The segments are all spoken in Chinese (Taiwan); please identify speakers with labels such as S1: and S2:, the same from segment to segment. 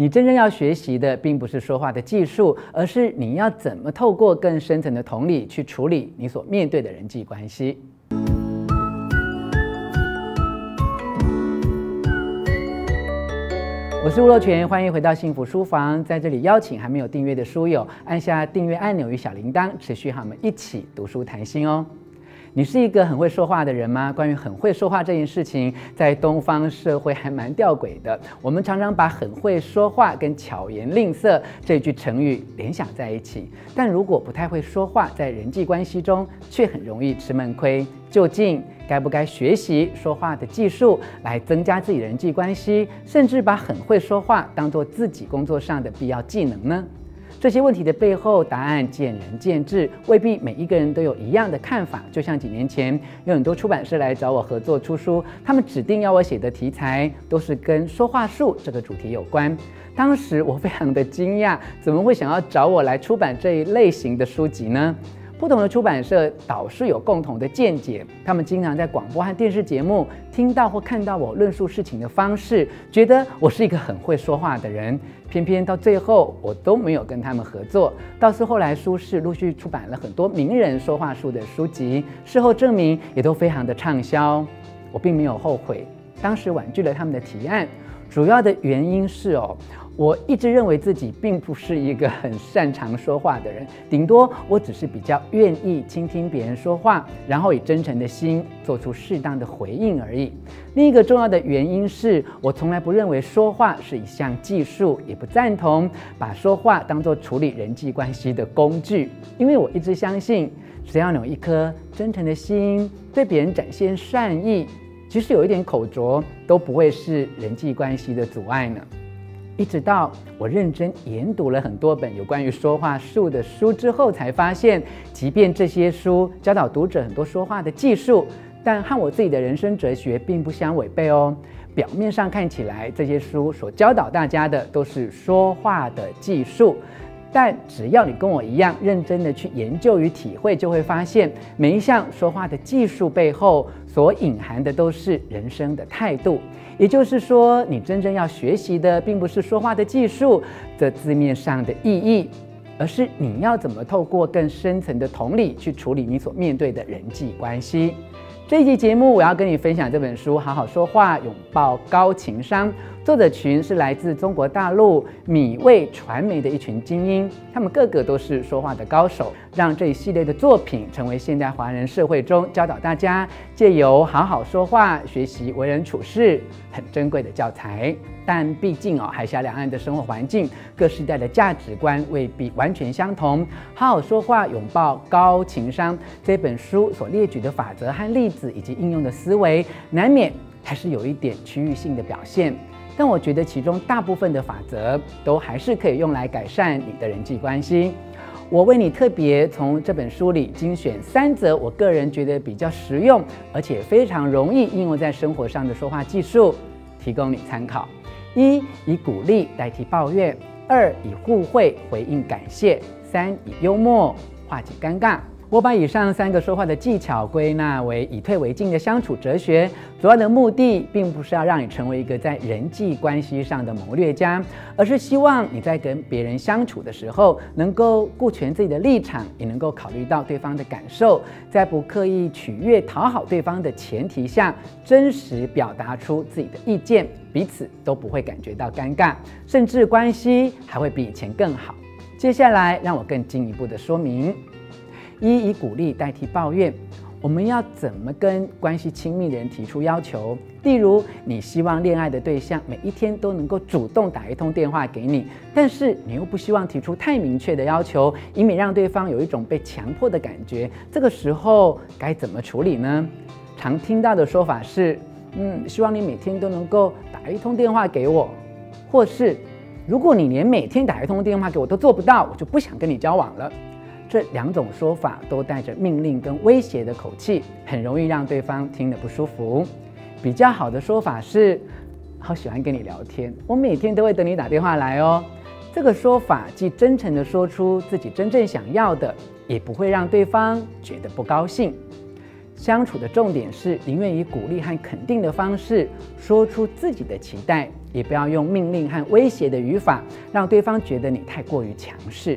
S1: 你真正要學習的，並不是說話的技術，而是你要怎麼透過更深層的同理，去處理你所面對的人際關係。 我是吳若權，歡迎回到幸福書房，在這裡邀請還沒有訂閱的書友按下訂閱按鈕與小鈴鐺，持續和我們一起讀書談心哦。你是一個很會說話的人嗎？關於很會說話這件事情，在東方社會還蠻弔詭的。我們常常把很會說話跟巧言令色這句成語聯想在一起，但如果不太會說話，在人際關係中卻很容易吃悶虧。究竟該不該學習說話的技術來增加自己人際關係，甚至把很會說話當作自己工作上的必要技能呢？這些問題的背後，答案見仁見智，未必每一個人都有一樣的看法。就像幾年前，有很多出版社來找我合作出書，他們指定要我寫的題材都是跟說話術這個主題有關。當時我非常的驚訝，怎麼會想要找我來出版這一類型的書籍呢？不同的出版社倒是有共同的見解，他們經常在廣播和電視節目聽到或看到我論述事情的方式，覺得我是一個很會說話的人。偏偏到最後，我都沒有跟他們合作。倒是後來，書市陸續出版了很多名人說話術的書籍，事後證明也都非常的暢銷，我並沒有後悔，當時婉拒了他們的提案。主要的原因是哦，我一直認為自己並不是一個很擅長說話的人，頂多我只是比較願意傾聽別人說話，然後以真誠的心做出適當的回應而已。另一個重要的原因是我從來不認為說話是一項技術，也不贊同把說話當作處理人際關係的工具，因為我一直相信，只要有一顆真誠的心，對別人展現善意。其實有一點口拙都不會是人際關係的阻礙呢。一直到我認真研讀了很多本有關於說話術的書之後，才發現，即便這些書教導讀者很多說話的技術，但和我自己的人生哲學並不相違背哦。表面上看起來，這些書所教導大家的都是說話的技術。但只要你跟我一樣認真的去研究與體會，就會發現每一項說話的技術背後所隱含的都是人生的態度。也就是說，你真正要學習的，並不是說話的技術，這字面上的意義，而是你要怎麼透過更深層的同理去處理你所面對的人際關係。這一期節目，我要跟你分享這本書《好好說話，擁抱高情商》。作者群是來自中國大陸米味傳媒的一群精英，他們個個都是說話的高手，讓這一系列的作品成為現代華人社會中教導大家借由好好說話學習為人處事很珍貴的教材。但畢竟哦，海峽兩岸的生活環境、各世代的價值觀未必完全相同，《好好說話，擁抱高情商》這本書所列舉的法則和例子以及應用的思維，難免還是有一點區域性的表現。但我覺得其中大部分的法則都還是可以用來改善你的人際關係。我為你特別從這本書裡精選三則我個人覺得比較實用，而且非常容易應用在生活上的說話技術，提供你參考：一、以鼓勵代替抱怨；二、以互惠回應感謝；三、以幽默化解尷尬。我把以上三個說話的技巧歸納為以退為進的相處哲學。主要的目的並不是要讓你成為一個在人際關係上的謀略家，而是希望你在跟別人相處的時候，能夠顧全自己的立場，也能夠考慮到對方的感受，在不刻意取悅討好對方的前提下，真實表達出自己的意見，彼此都不會感覺到尷尬，甚至關係還會比以前更好。接下來，讓我更進一步的說明。一、以鼓勵代替抱怨，我們要怎麼跟關係親密的人提出要求？例如，你希望戀愛的對象每一天都能夠主動打一通電話給你，但是你又不希望提出太明確的要求，以免讓對方有一種被強迫的感覺。這個時候該怎麼處理呢？常聽到的說法是，嗯，希望你每天都能夠打一通電話給我，或是如果你連每天打一通電話給我都做不到，我就不想跟你交往了。這兩種說法都帶着命令跟威脅的口氣，很容易讓對方聽得不舒服。比較好的說法是：“好喜歡跟你聊天，我每天都會等你打電話來哦。”這個說法既真誠地說出自己真正想要的，也不會讓對方覺得不高興。相處的重點是，寧願以鼓勵和肯定的方式說出自己的期待，也不要用命令和威脅的語法，讓對方覺得你太過於強勢。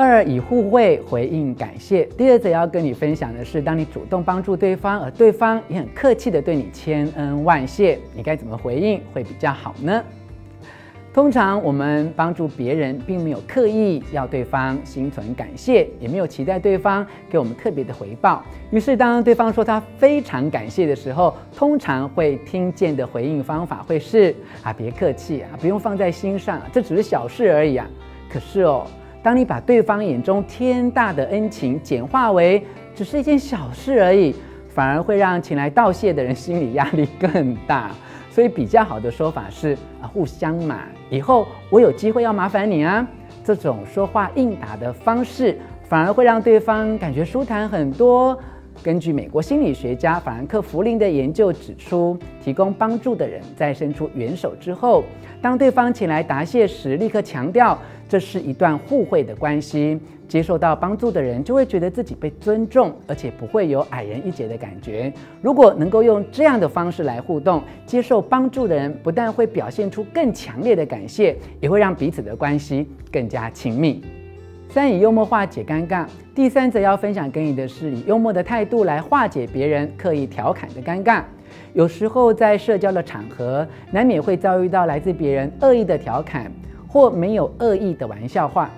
S1: 二、以互惠回應感謝。第二則要跟你分享的是，當你主動幫助對方，而對方也很客氣地對你千恩萬謝，你該怎麼回應會比較好呢？通常我們幫助別人，並沒有刻意要對方心存感謝，也沒有期待對方給我們特別的回報。於是，當對方說他非常感謝的時候，通常會聽見的回應方法會是：啊，別客氣啊，不用放在心上啊，這只是小事而已啊。可是哦。當你把對方眼中天大的恩情簡化為只是一件小事而已，反而會讓前來道謝的人心理壓力更大。所以比較好的說法是啊，互相嘛，以後我有機會要麻煩你啊。這種說話應答的方式，反而會讓對方感覺舒坦很多。根據美國心理學家法蘭克·福林的研究指出，提供幫助的人在伸出援手之後，當對方前來答謝時，立刻強調這是一段互惠的關係，接受到幫助的人就會覺得自己被尊重，而且不會有矮人一截的感覺。如果能夠用這樣的方式來互動，接受幫助的人不但會表現出更強烈的感謝，也會讓彼此的關係更加親密。三以幽默化解尷尬。第三則要分享給你的是，以幽默的態度來化解別人刻意調侃的尷尬。有時候在社交的場合，難免會遭遇到來自別人惡意的調侃或沒有惡意的玩笑話。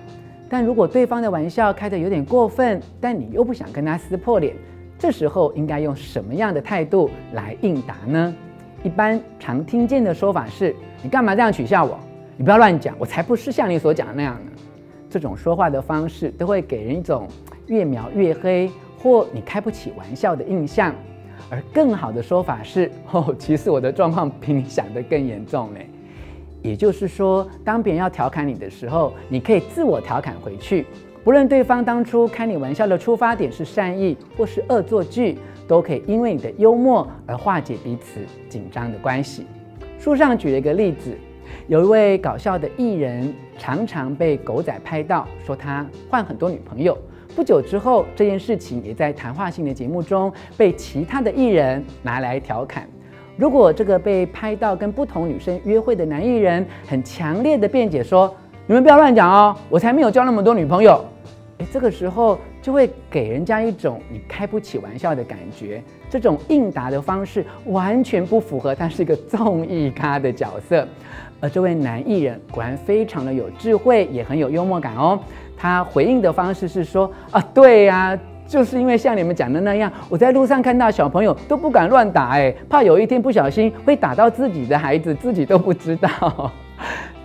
S1: 但如果對方的玩笑開得有點過分，但你又不想跟他撕破臉，這時候應該用什麼樣的態度來應答呢？一般常聽見的說法是：“你幹嘛這樣取笑我？你不要亂講，我才不是像你所講的那樣呢。”這種說話的方式都會給人一種越描越黑，或你開不起玩笑的印象。而更好的說法是：哦，其實我的狀況比你想的更嚴重誒，也就是說，當別人要調侃你的時候，你可以自我調侃回去。不論對方當初開你玩笑的出發點是善意，或是惡作劇，都可以因為你的幽默而化解彼此緊張的關係。書上舉了一個例子。有一位搞笑的藝人，常常被狗仔拍到，說他換很多女朋友。不久之後，這件事情也在談話性的節目中被其他的藝人拿來調侃。如果這個被拍到跟不同女生約會的男藝人，很強烈的辯解說：“你們不要亂講哦，我才沒有交那麼多女朋友。”誒，這個時候。就會給人家一種你開不起玩笑的感覺，這種應答的方式完全不符合他是一個綜藝咖的角色。而這位男藝人果然非常的有智慧，也很有幽默感哦。他回應的方式是說：“啊，對呀，就是因為像你們講的那樣，我在路上看到小朋友都不敢亂打，哎，怕有一天不小心會打到自己的孩子，自己都不知道。”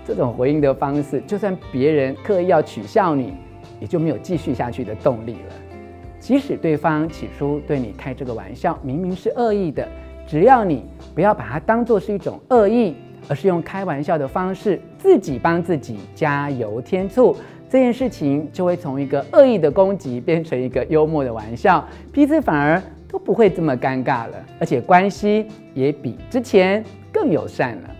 S1: 這種回應的方式，就算別人刻意要取笑你。也就沒有繼續下去的動力了。即使對方起初對你開這個玩笑，明明是惡意的，只要你不要把它當做是一種惡意，而是用開玩笑的方式自己幫自己加油添醋，這件事情就會從一個惡意的攻擊變成一個幽默的玩笑，彼此反而都不會這麼尷尬了，而且關係也比之前更友善了。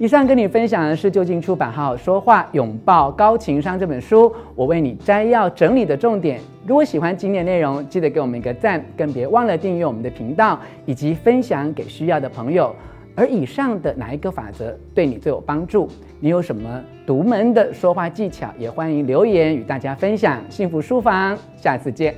S1: 以上跟你分享的是究竟出版號《好好說話，擁抱高情商》這本書，我為你摘要整理的重點。如果喜歡今天內容，記得給我們一個讚，更別忘了訂閱我們的頻道以及分享給需要的朋友。而以上的哪一個法則對你最有幫助？你有什麼獨門的說話技巧？也歡迎留言與大家分享。幸福書房，下次見。